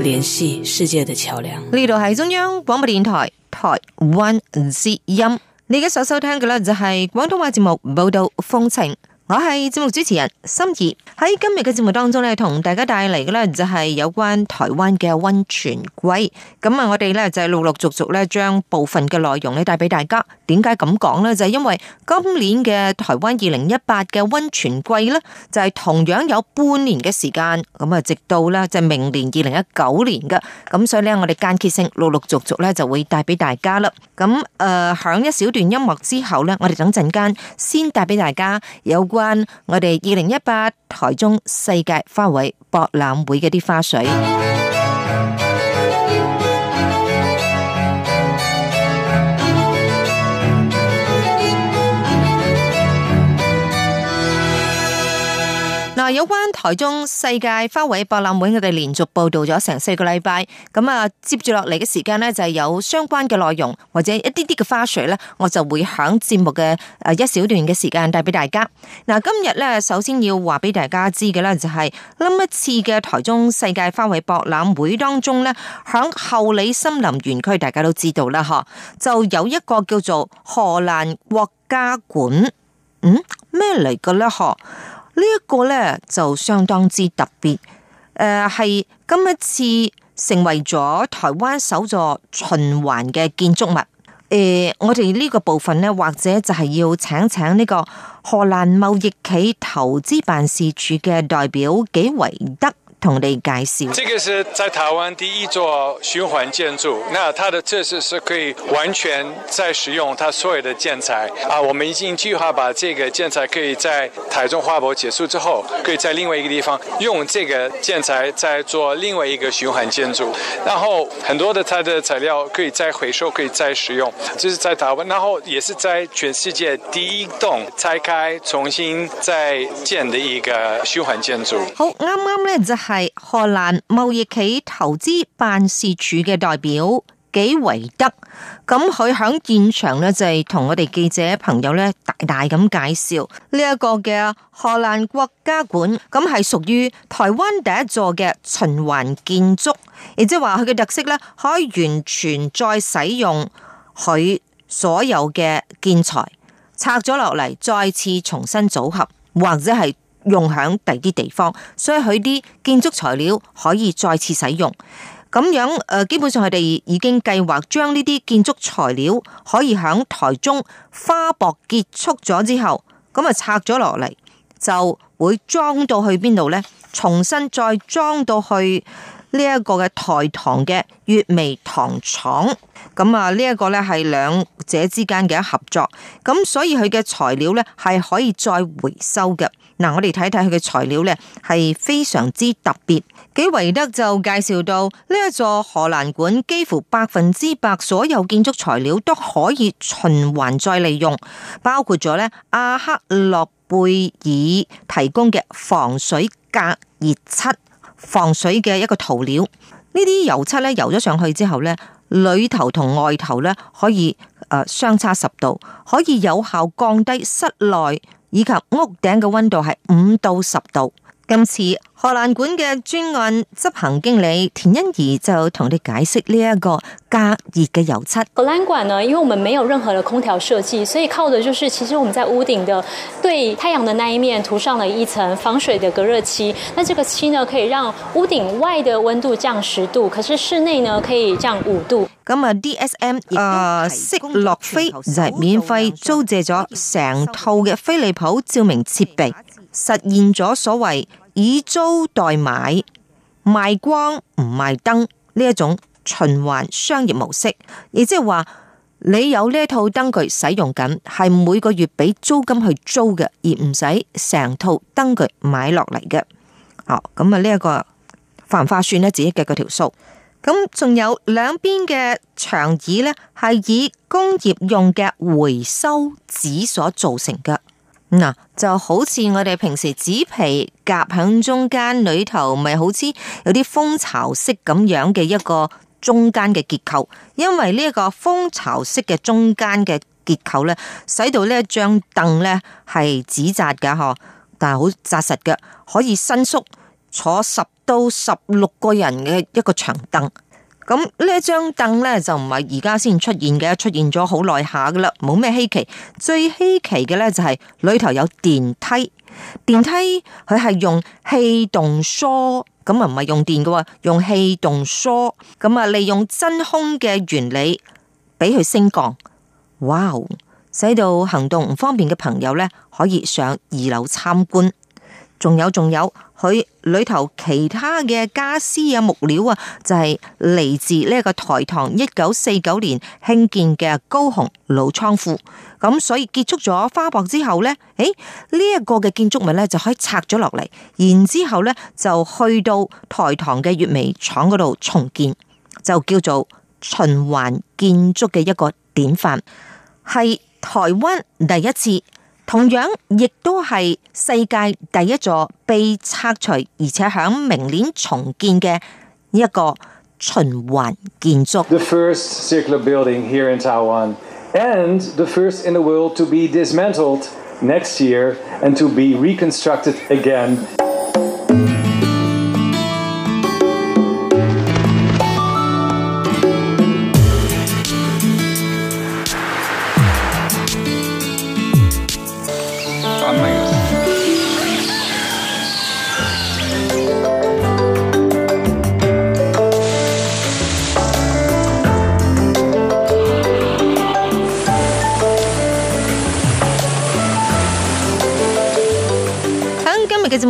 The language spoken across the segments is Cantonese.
聯繫世界的橋樑。呢度係中央廣播電台台灣之音，你而家所收聽嘅咧就係廣東話節目《報道風情》。我係節目主持人心儀，喺今日嘅節目當中咧，同大家帶嚟嘅咧就係有關台灣嘅溫泉季。咁啊，我哋咧就係陸陸續續咧將部分嘅內容咧帶俾大家。點解咁講呢？就係因為今年嘅台灣二零一八嘅溫泉季咧，就係同樣有半年嘅時間。咁啊，直到咧就係明年二零一九年嘅。咁所以咧，我哋間歇性陸陸續續咧就會帶俾大家啦。咁誒，響、呃、一小段音樂之後咧，我哋等陣間先帶俾大家有關。我哋二零一八台中世界花卉博覽會嘅啲花絮。有關台中世界花卉博覽會，佢哋連續報道咗成四個禮拜，咁啊，接住落嚟嘅時間呢，就係有相關嘅內容或者一啲啲嘅花絮呢，我就會喺節目嘅誒一小段嘅時間帶俾大家。嗱，今日呢，首先要話俾大家知嘅呢，就係今一次嘅台中世界花卉博覽會當中呢，響后里森林園區，大家都知道啦，嗬，就有一個叫做荷蘭國家館，嗯，咩嚟嘅呢？嗬？呢一個呢，就相當之特別，誒、呃，係今一次成為咗台灣首座循環嘅建築物。誒、呃，我哋呢個部分呢，或者就係要請請呢個荷蘭貿易暨投資辦事處嘅代表紀維德，同你介紹，這個是在台灣第一座循環建築，那它的特色是可以完全再使用它所有的建材啊！我們已經計劃把這個建材可以在台中花博結束之後，可以在另外一個地方用這個建材再做另外一個循環建築，然後很多的它的材料可以再回收，可以再使用，這是在台灣，然後也是在全世界第一棟拆開重新再建的一個循環建築。好啱啱咧係荷蘭貿易企投資辦事處嘅代表紀維德，咁佢響現場呢，就係同我哋記者朋友呢大大咁介紹呢一個嘅荷蘭國家館，咁係屬於台灣第一座嘅循環建築，亦即係話佢嘅特色呢，可以完全再使用佢所有嘅建材，拆咗落嚟，再次重新組合或者係。用響第啲地方，所以佢啲建築材料可以再次使用。咁樣誒，基本上佢哋已經計劃將呢啲建築材料可以響台中花博結束咗之後，咁啊拆咗落嚟，就會裝到去邊度咧？重新再裝到去呢一個嘅台糖嘅月眉糖廠。咁啊，呢一個咧係兩者之間嘅一合作。咁所以佢嘅材料咧係可以再回收嘅。嗱、啊，我哋睇睇佢嘅材料呢，係非常之特別。幾維德就介紹到呢一座荷蘭館，幾乎百分之百所有建築材料都可以循環再利用，包括咗呢阿克諾貝爾提供嘅防水隔熱漆、防水嘅一個塗料。呢啲油漆呢，油咗上去之後呢，裏頭同外頭呢，可以、呃、相差十度，可以有效降低室內以及屋頂嘅溫度係五到十度。今次荷蘭館嘅專案執行經理田欣怡就同你解釋呢一個加熱嘅油漆。荷蘭館呢，因為我們沒有任何嘅空調設計，所以靠嘅就是，其實我們在屋頂的對太陽的那一面塗上了一層防水嘅隔熱漆。那這個漆呢，可以讓屋頂外的溫度降十度，可是室內呢可以降五度。咁啊，D S M 啊、呃，色樂飛就係免費租借咗成套嘅飛利浦照明設備。實現咗所謂以租代買、賣光唔賣燈呢一種循環商業模式，亦即係話你有呢一套燈具使用緊，係每個月俾租金去租嘅，而唔使成套燈具買落嚟嘅。哦，咁啊呢一個繁花算咧，自己計嗰條數。咁仲有兩邊嘅長椅呢，係以工業用嘅回收紙所造成嘅。嗱、嗯，就好似我哋平時紙皮夾喺中間裏頭，咪好似有啲蜂巢式咁樣嘅一個中間嘅結構。因為呢一個蜂巢式嘅中間嘅結構咧，使到呢一張凳咧係紙紮㗎嗬，但係好紮實嘅，可以伸縮，坐十到十六個人嘅一個長凳。咁呢一張凳呢，就唔係而家先出現嘅，出現咗好耐下噶啦，冇咩稀奇。最稀奇嘅呢，就係裏頭有電梯，電梯佢係用氣動梳，咁啊唔係用電嘅，用氣動梳，咁啊利用真空嘅原理俾佢升降。哇，使到行動唔方便嘅朋友呢，可以上二樓參觀。仲有仲有。佢裏頭其他嘅家私啊木料啊就係嚟自呢一個台糖，一九四九年興建嘅高雄老倉庫，咁所以結束咗花博之後呢，誒呢一個嘅建築物呢，就可以拆咗落嚟，然之後咧就去到台糖嘅月眉廠嗰度重建，就叫做循環建築嘅一個典範，係台灣第一次。同樣，亦都係世界第一座被拆除而且喺明年重建嘅一個循環建築。The first circular building here in Taiwan, and the first in the world to be dismantled next year and to be reconstructed again.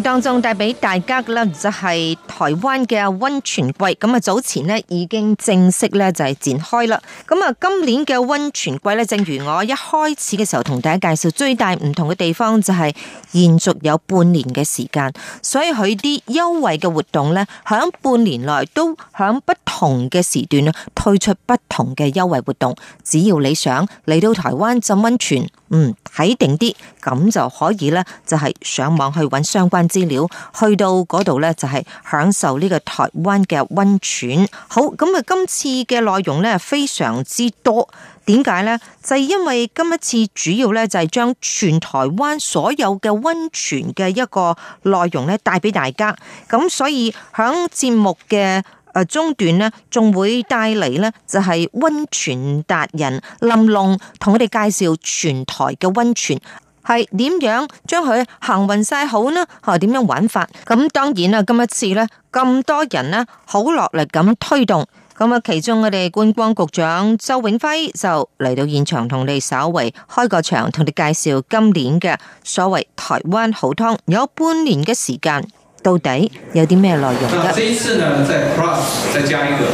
當中帶俾大家嘅呢，就係台灣嘅溫泉季，咁啊早前呢已經正式咧就係展開啦。咁啊今年嘅溫泉季咧，正如我一開始嘅時候同大家介紹，最大唔同嘅地方就係延續有半年嘅時間，所以佢啲優惠嘅活動呢，響半年內都響不。同嘅時段呢，推出不同嘅優惠活動，只要你想嚟到台灣浸溫泉，嗯，睇定啲咁就可以呢，就係上網去揾相關資料，去到嗰度呢，就係享受呢個台灣嘅溫泉。好，咁啊，今次嘅內容呢，非常之多，點解呢？就係因為今一次主要呢，就係將全台灣所有嘅溫泉嘅一個內容呢，帶俾大家，咁所以響節目嘅。中段呢仲會帶嚟呢就係溫泉達人林龍同我哋介紹全台嘅溫泉，係點樣將佢行匀晒好呢？吓，點樣玩法？咁當然啦，今一次呢，咁多人呢，好落力咁推動。咁啊，其中我哋觀光局長周永輝就嚟到現場同你稍為開個場，同你介紹今年嘅所謂台灣好湯，有半年嘅時間。到底有啲咩內容咧？那這一次呢，在 Plus 再加一個，加一個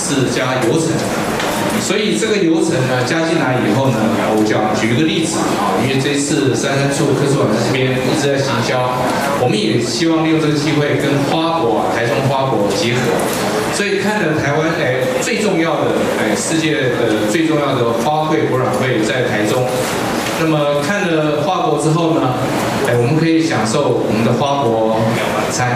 是加油程，所以這個油程呢加進來以後呢，我講舉一個例子啊，因為這次三山處科數館在呢邊一直在行銷，我們也希望利用這個機會跟花博、台中花博結合，所以看着台灣、哎、最重要的、哎、世界的最重要的花卉博覽會在台中。那麼看了花博之後呢，誒，我們可以享受我們的花博晚餐。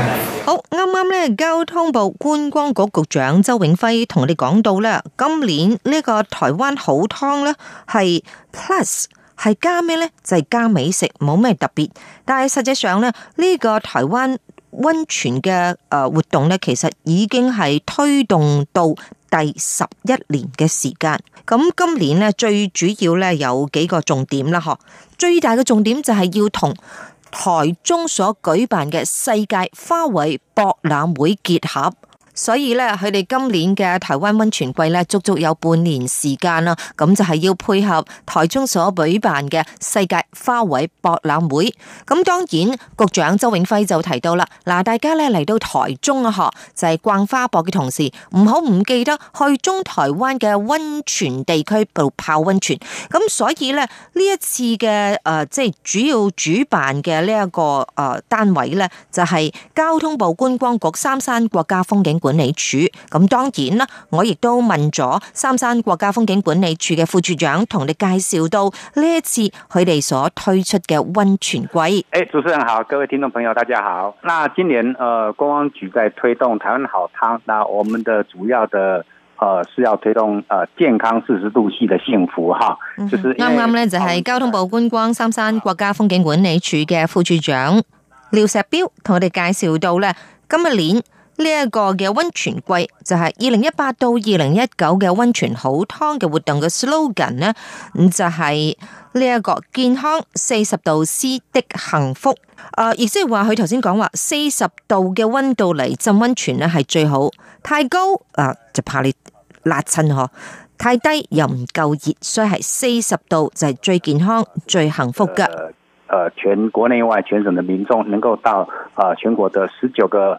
好，啱啱呢，交通部觀光局局長周永輝同我哋講到呢，今年呢個台灣好湯呢，係 Plus 係加咩呢？就係、是、加美食，冇咩特別。但係實際上呢，呢個台灣。溫泉嘅誒活動咧，其實已經係推動到第十一年嘅時間。咁今年咧，最主要咧有幾個重點啦，嗬。最大嘅重點就係要同台中所舉辦嘅世界花卉博覽會結合。所以咧，佢哋今年嘅台灣温泉季咧，足足有半年時間啦。咁就係要配合台中所舉辦嘅世界花卉博覽會。咁當然，局長周永輝就提到啦，嗱，大家咧嚟到台中啊，嗬就係、是、逛花博嘅同時，唔好唔記得去中台灣嘅温泉地區度泡温泉。咁所以咧，呢一次嘅誒，即、呃、係、就是、主要主辦嘅呢一個誒單位咧，就係、是、交通部觀光局三山國家風景。管理處。咁，當然啦，我亦都問咗三山國家風景管理處嘅副處長，同你介紹到呢一次佢哋所推出嘅温泉季。誒，主持人好，各位聽眾朋友，大家好。那今年誒，觀光局在推動台灣好湯，那我們的主要的誒是要推動誒健康四十度系的幸福哈，就是啱啱呢就係交通部觀光三山國家風景管理處嘅副處長廖石彪同我哋介紹到呢今日年。呢一個嘅溫泉季就係二零一八到二零一九嘅溫泉好湯嘅活動嘅 slogan 呢就係呢一個健康四十度 C 的幸福。誒，亦即係話佢頭先講話四十度嘅溫度嚟浸溫泉呢係最好，太高誒就怕你辣親呵，太低又唔夠熱，所以係四十度就係最健康最幸福嘅，呃。誒、呃，全國內外全省嘅民眾能夠到啊，呃、全國嘅十九個。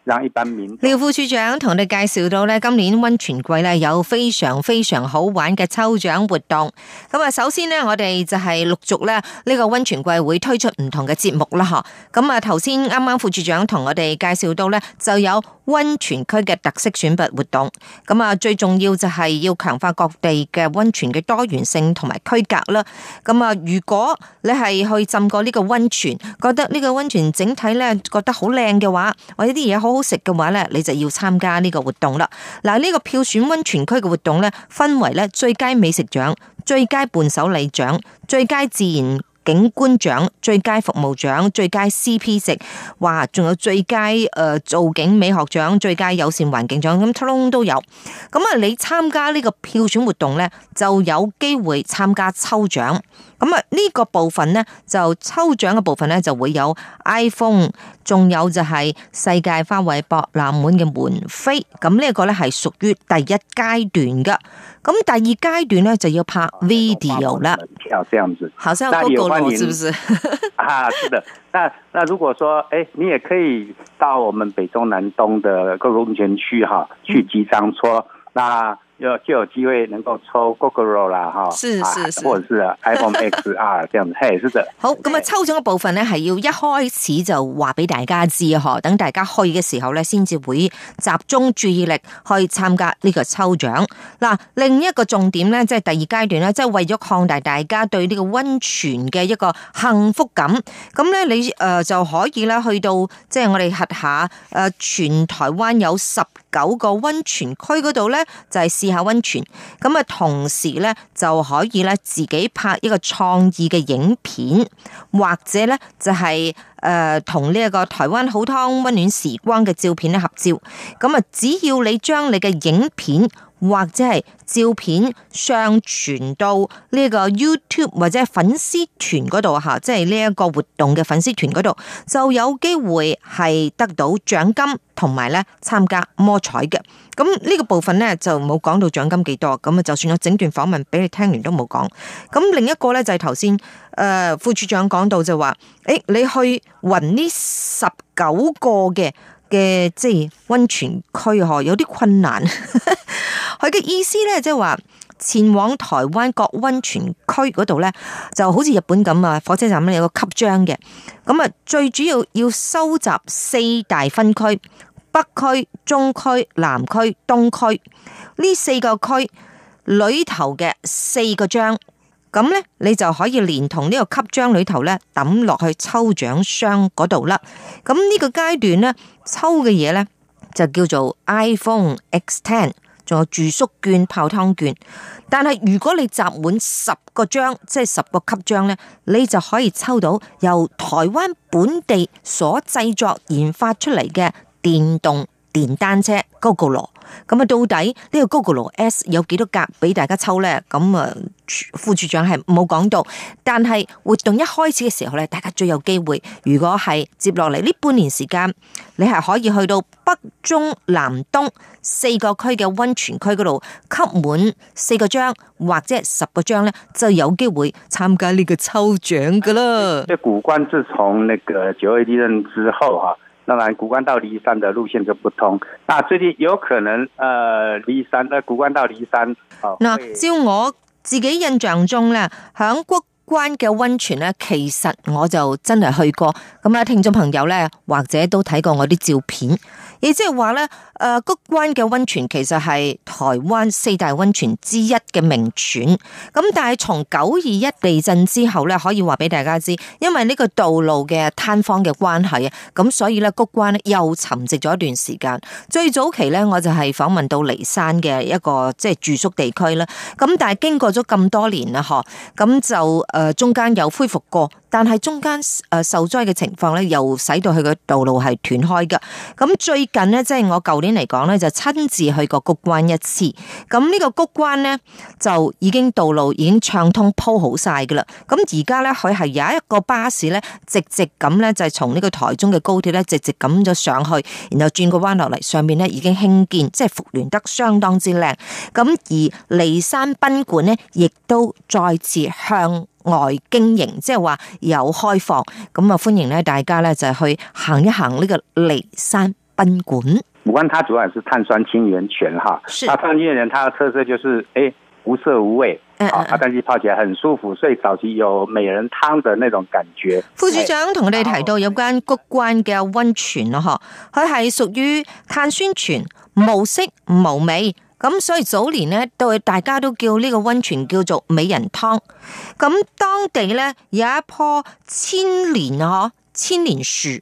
讓佢噴面。廖副處長同你介紹到咧，今年溫泉季咧有非常非常好玩嘅抽獎活動。咁啊，首先咧，我哋就係陸續咧呢個溫泉季會推出唔同嘅節目啦，吓，咁啊，頭先啱啱副處長同我哋介紹到咧，就有溫泉區嘅特色選拔活動。咁啊，最重要就係要強化各地嘅溫泉嘅多元性同埋區隔啦。咁啊，如果你係去浸過呢個溫泉，覺得呢個溫泉整體咧覺得好靚嘅話，或者啲嘢好。好食嘅話咧，你就要參加呢個活動啦。嗱，呢個票選溫泉區嘅活動咧，分為咧最佳美食獎、最佳伴手禮獎、最佳自然景觀獎、最佳服務獎、最佳 C P 值。哇，仲有最佳誒造景美學獎、最佳友善環境獎，咁通通都有。咁啊，你參加呢個票選活動咧，就有機會參加抽獎。咁啊，呢、嗯這個部分呢，就抽獎嘅部分呢，就會有 iPhone，仲有就係世界花卉博覽會嘅門飛。咁、嗯、呢、這個呢，係屬於第一階段噶。咁、嗯、第二階段呢，就要拍 video 啦。後生唔子，好像有高高，生有多個是不是？啊，是的。那那如果說，誒、欸，你也可以到我們北中南東的各個溫泉區哈，去幾張車那就有機會能夠抽 Google 啦，哈，是是是，或者是 iPhone XR 這樣子，是的。好，咁啊，抽獎嘅部分呢，係要一開始就話俾大家知，嗬，等大家去嘅時候呢，先至會集中注意力去參加呢個抽獎。嗱，另一個重點呢，即係第二階段呢，即係為咗擴大大家對呢個溫泉嘅一個幸福感，咁呢，你誒就可以呢，去到即係我哋核下誒，全台灣有十九個溫泉區嗰度呢，就係試下溫泉，咁啊，同時呢，就可以呢自己拍一個創意嘅影片，或者呢就係誒同呢一個台灣好湯溫暖時光嘅照片呢合照，咁啊，只要你將你嘅影片。或者係照片上傳到呢個 YouTube 或者係粉絲團嗰度吓，即係呢一個活動嘅粉絲團嗰度就有機會係得到獎金同埋咧參加摸彩嘅。咁呢個部分咧就冇講到獎金幾多，咁啊就算我整段訪問俾你聽完都冇講。咁另一個咧就係頭先誒副處長講到就話，誒你去揾呢十九個嘅嘅即係溫泉區呵，有啲困難。 佢嘅意思咧，即係話前往台灣各温泉區嗰度咧，就好似日本咁啊，火車站咧有個吸章嘅。咁啊，最主要要收集四大分區：北區、中區、南區、東區呢四個區裏頭嘅四個章。咁咧，你就可以連同呢個集章裏頭咧抌落去抽獎箱嗰度啦。咁呢個階段咧，抽嘅嘢咧就叫做 iPhone X Ten。仲有住宿券、泡湯券，但係如果你集滿十個章，即係十個級章咧，你就可以抽到由台灣本地所製作研發出嚟嘅電動電單車，Gogoro 羅。咁啊，到底呢個 Google S 有幾多格俾大家抽呢？咁啊，副處長係冇講到，但係活動一開始嘅時候咧，大家最有機會。如果係接落嚟呢半年時間，你係可以去到北中南東四個區嘅溫泉區嗰度，吸滿四個章或者十個章呢，就有機會參加呢個抽獎噶啦。即古關自從那個九二一地震之後，哈。當然，谷關到梨山的路線就不通。那最近有可能，呃，梨山，呃，谷關到梨山。好，照我自己印象中啦，響關嘅溫泉咧，其實我就真係去過，咁啊，聽眾朋友咧，或者都睇過我啲照片，亦即係話咧，誒，谷關嘅溫泉其實係台灣四大溫泉之一嘅名泉，咁但係從九二一地震之後咧，可以話俾大家知，因為呢個道路嘅塌方嘅關係啊，咁所以咧，谷關又沉寂咗一段時間。最早期咧，我就係訪問到梨山嘅一個即係住宿地區啦，咁但係經過咗咁多年啦，嗬，咁就誒。誒，中間有恢復過但係中間誒受災嘅情況咧，又使到佢嘅道路係斷開嘅。咁最近咧，即係我舊年嚟講咧，就親自去過谷關一次。咁呢個谷關咧，就已經道路已經暢通鋪好晒㗎啦。咁而家咧，佢係有一個巴士咧，直直咁咧就係從呢個台中嘅高鐵咧，直直咁咗上去，然後轉個彎落嚟，上面咧已經興建，即係復聯得相當之靚。咁而離山賓館咧，亦都再次向外經營，即係話。有開放咁啊！那就歡迎咧，大家咧就去行一行呢個驪山賓館。五關，它主要係碳酸氫鹽泉哈，它碳酸氫鹽它的特色就是誒無色無味，啊，但係泡起來很舒服，所以早期有美人湯的那種感覺。副局長同我哋提到有關谷關嘅溫泉咯，嗬，佢係屬於碳酸泉，無色無味。咁所以早年咧，都大家都叫呢個溫泉叫做美人湯。咁當地咧有一棵千年哦，千年樹，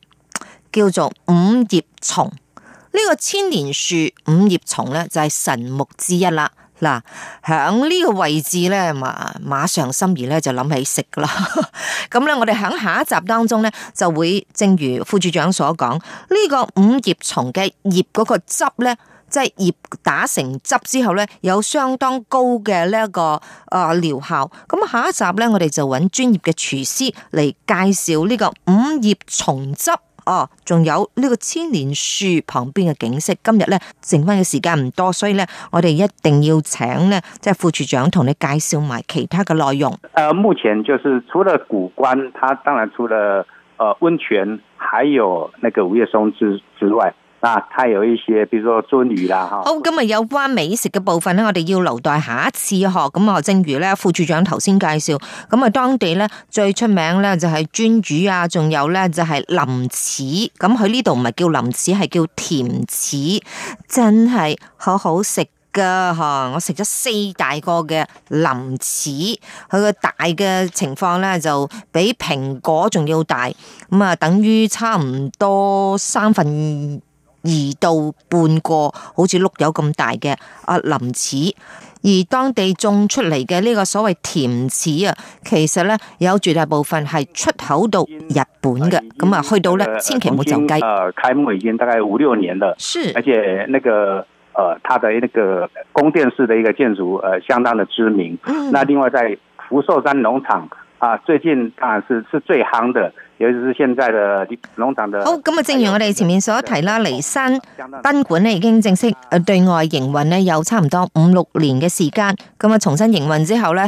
叫做五葉松。呢個千年樹五葉松咧就係神木之一啦。嗱，喺呢個位置咧，嘛馬上心儀咧就諗起食啦。咁咧，我哋喺下一集當中咧就會，正如副處長所講，呢個五葉松嘅葉嗰個汁咧。即係葉打成汁之後咧，有相當高嘅呢一個誒療效。咁下一集咧，我哋就揾專業嘅廚師嚟介紹呢個五葉松汁哦，仲有呢個千年樹旁邊嘅景色。今日咧剩翻嘅時間唔多，所以咧我哋一定要請呢即係副處長同你介紹埋其他嘅內容。誒、呃，目前就是除了谷關，它當然除了誒溫泉，還有那個五葉松之之外。啊，佢有一些，比如說魚啦，哈。好，今日有關美食嘅部分呢，我哋要留待下一次學。咁啊，正如咧，副處長頭先介紹，咁啊，當地咧最出名咧就係鱒魚啊，仲有咧就係、是、林柿。咁佢呢度唔係叫林柿，係叫甜柿，真係好好食噶，吓！我食咗四大個嘅林柿，佢個大嘅情況咧就比蘋果仲要大。咁啊，等於差唔多三分。移到半個好似碌柚咁大嘅阿林柿，而當地種出嚟嘅呢個所謂甜柿啊，其實呢有絕大部分係出口到日本嘅。咁啊經去到呢千祈唔好走雞，開幕已經大概五六年了，是而且那個呃它的那個宮殿式嘅一個建築，呃相當的知名。嗯、那另外在福壽山農場啊，最近，當然是是最夯的。尤其是現在嘅農場嘅好咁啊！正如我哋前面所提啦，離山賓館呢已經正式對外營運呢有差唔多五六年嘅時間。咁啊，重新營運之後呢，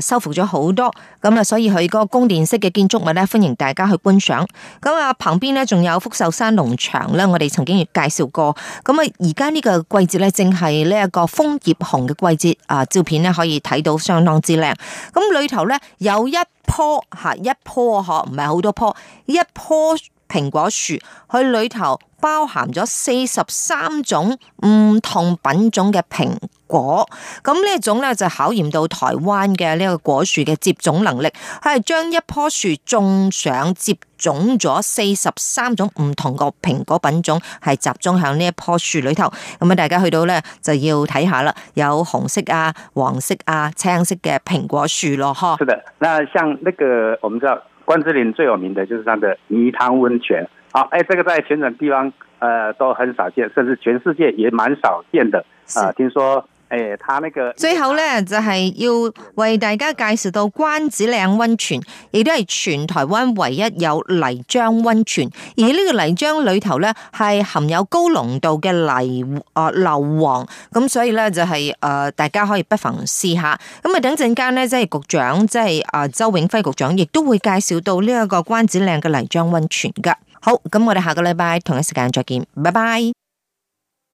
收修復咗好多。咁啊，所以佢個宮殿式嘅建築物呢，歡迎大家去觀賞。咁啊，旁邊呢，仲有福壽山農場呢，我哋曾經介紹過。咁啊，而家呢個季節呢，正係呢一個楓葉紅嘅季節。啊，照片呢可以睇到相當之靚。咁裏頭呢，有一。棵吓一棵嗬，唔係好多棵，一棵蘋果樹，佢裏頭包含咗四十三種唔同品種嘅蘋果，咁呢一種咧就考驗到台灣嘅呢個果樹嘅接種能力，佢係將一棵樹種上接種，種咗四十三種唔同個蘋果品種，係集中喺呢一棵樹裏頭。咁啊，大家去到呢，就要睇下啦，有紅色啊、黃色啊、青色嘅蘋果樹咯，嗬。是的，那像那個我們知道，關子嶺最有名的就是她的泥湯温泉。好、啊，誒、哎，這個在全省地方，呃都很少見，甚至全世界也蠻少見的。啊，聽說。誒，最後咧，就係、是、要為大家介紹到關子嶺溫泉，亦都係全台灣唯一有泥漿溫泉。而呢個泥漿裏頭咧，係含有高濃度嘅泥啊、呃、硫磺，咁所以咧就係、是、誒、呃，大家可以不妨試下。咁啊，等陣間咧，即係局長，即係誒周永輝局長，亦都會介紹到呢一個關子嶺嘅泥漿溫泉噶。好，咁我哋下個禮拜同一時間再見，拜拜。